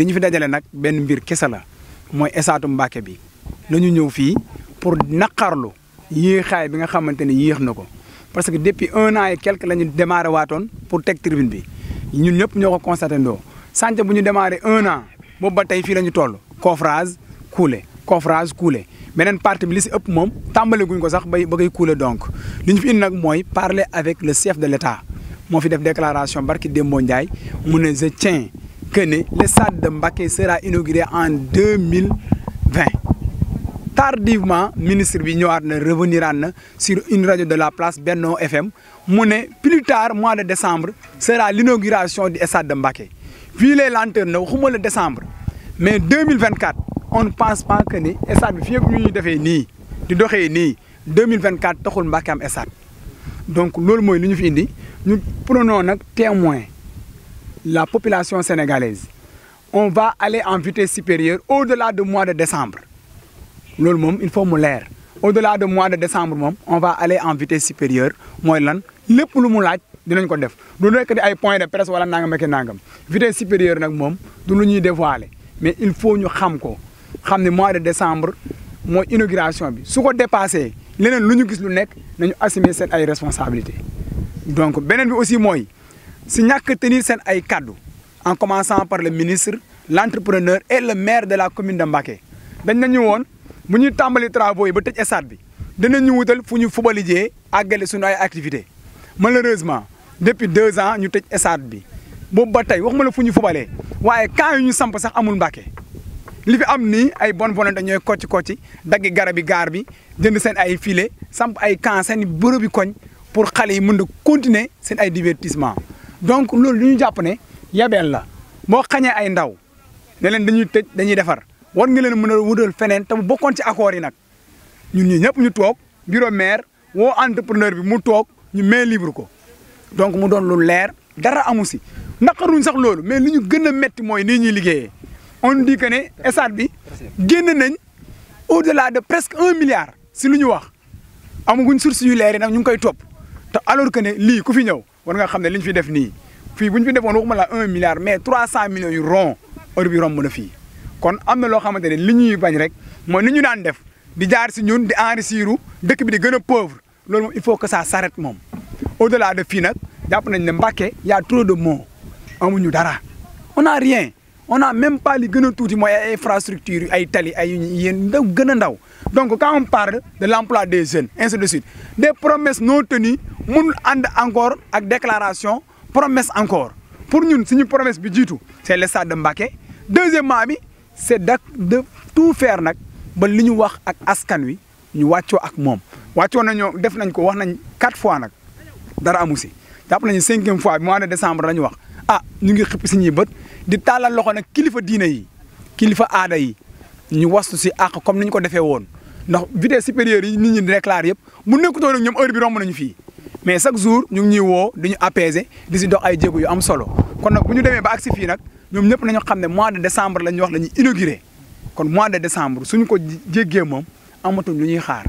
li ñu fi dajale nag benn mbir kese la mooy esaatu Mbàkke bi la ñu ñëw fii pour naqarlu yéexaay bi nga xamante ne yéex na ko parce que depuis un an et quelque la ñu démarré waatoon pour teg tribune bi ñun ñëpp ñoo ko constaté ndoo sànq bu ñu démarré un an boobu ba tey fii la ñu toll coffrage coulé coffrage coulé beneen partie bi li si ëpp moom tàmbale guñ ko sax bay ba koy coulé donc li ñu fi indi nag mooy parler avec le chef de l' état moo fi def déclaration barki Dembo Ndiaye mu ne je tiens que ne le stade de Mbacké sera inauguré en deux mille vingt tardivement ministre bi ñëwaat na reveniraan na sur une radio de la place Benno FM mu ne plus tard mois de décembre sera l'inauguration du stade de Mbacké vu les lenteurs na waxuma le décembre mais deux mille vingt quatre on ne pense pas que ne stade bi fii ak ñu defee nii di doxee nii deux mille vingt quatre taxul Mbacké am stade donc loolu mooy li ñu fi indi ñu prenons nag témoin la population sénégalaise on va aller en vitesse supérieure au-delà de mois de décembre loolu moom il faut mu leer au de la de mois de décembre moom on va aller en vitesse supérieure mooy lan lépp lu mu laaj dinañ ko def du nekk di ay point de presse wala nangam ak nangam vitesse supérieure nag moom du lu ñuy dévoiler mais il faut ñu xam ko xam ne mois de décembre mooy inauguration bi su ko dépassé leneen lu ñu gis lu nekk nañu assumer seen ay responsabilités donc beneen bi aussi mooy. si ñàkk tenir seen ay kàddu en commençant par le ministre l' et le maire de la commune de Mbacké dañ nañu woon bu ñu tàmbali travaux yi ba tëj stade bi dinañu wutal fu ñu fubali jee àggale suñu ay activité malheureusement depuis deux ans ñu tëj stade bi boobu ba tey waxuma la fu ñu fubalee waaye camp yu ñu samp sax amul Mbacké li fi am nii ay bonne volonté ñooy kocc kocci daggi garabi gaar bi jënd seen ay file samp ay camp seen bërëb bi koñ pour xale yi mën continuer seen ay divertissement donc loolu li ñu jàpp ne yabeel la boo xañee ay ndaw ne leen dañuy tëj dañuy defar war nga leen mën a wutal feneen te bu bokkoon ci accords yi nag ñun ñi ñëpp ñu toog bureau maire woo entrepreneur bi mu toog ñu main libre ko donc mu doon lu leer dara amu si naqaruñ sax loolu mais li ñu gën a métti mooy nii ñuy liggéeyee on dit que ne état bi génn nañ au delà de presque un milliard si lu ñu wax amaguñ source yu leer yi nag ñu ngi koy topp te alors que ne lii ku fi ñëw war nga xam ne li ñu fi def nii fii bu ñu fi defoon waxuma la un milliard mais trois cent millions yu rond heure bi romb na fii kon am na loo xamante ne li ñuy bañ rek mooy li ñu daan def di jaar si ñun di enrichir dëkk bi di gën a pauvre loolu moom il faut que ça s'arrête moom au delà def fii nag jàpp nañ ne mbake yaa a trop de mots amuñu dara on rien on n'a même pas li gën a tuuti mooy ay infrastructures ay tali ay yéen ndaw gën a ndaw donc quand on parle de l'emploi des jeunes ainsi de suite des promesses non tenues mënul ànd encore ak déclaration promesse encore pour ñun suñu promesse bi jiitu c'est le stade de Mbacké deuxièmement bi c'est dak de tout faire nag ba li ñu wax ak askan wi ñu wàccoo ak moom wàccoo nañoo def nañ ko wax nañ quatre fois nag dara amu si jàpp nañu cinquième fois bi mois de décembre la ñu wax ah ñu ngi xëpp suñuy bët di tàllal loxo nag kilifa diine yi kilifa aada yi ñu wastu si àq comme ni ñu ko defee woon ndax vitesse supérieure yi nit ñi di déclare yëpp mu nekkutoon ak ñoom heure bi romb nañu fii mais chaque jour ñu ngi ñuy woo di ñu apaiser di si dox ay jéego yu am solo kon nag bu ñu demee ba agsi fii nag ñoom ñëpp nañu xam ne mois de décembre la ñu wax la ñu inauguré kon mois de décembre suñu ko jéggee moom amatul lu ñuy xaar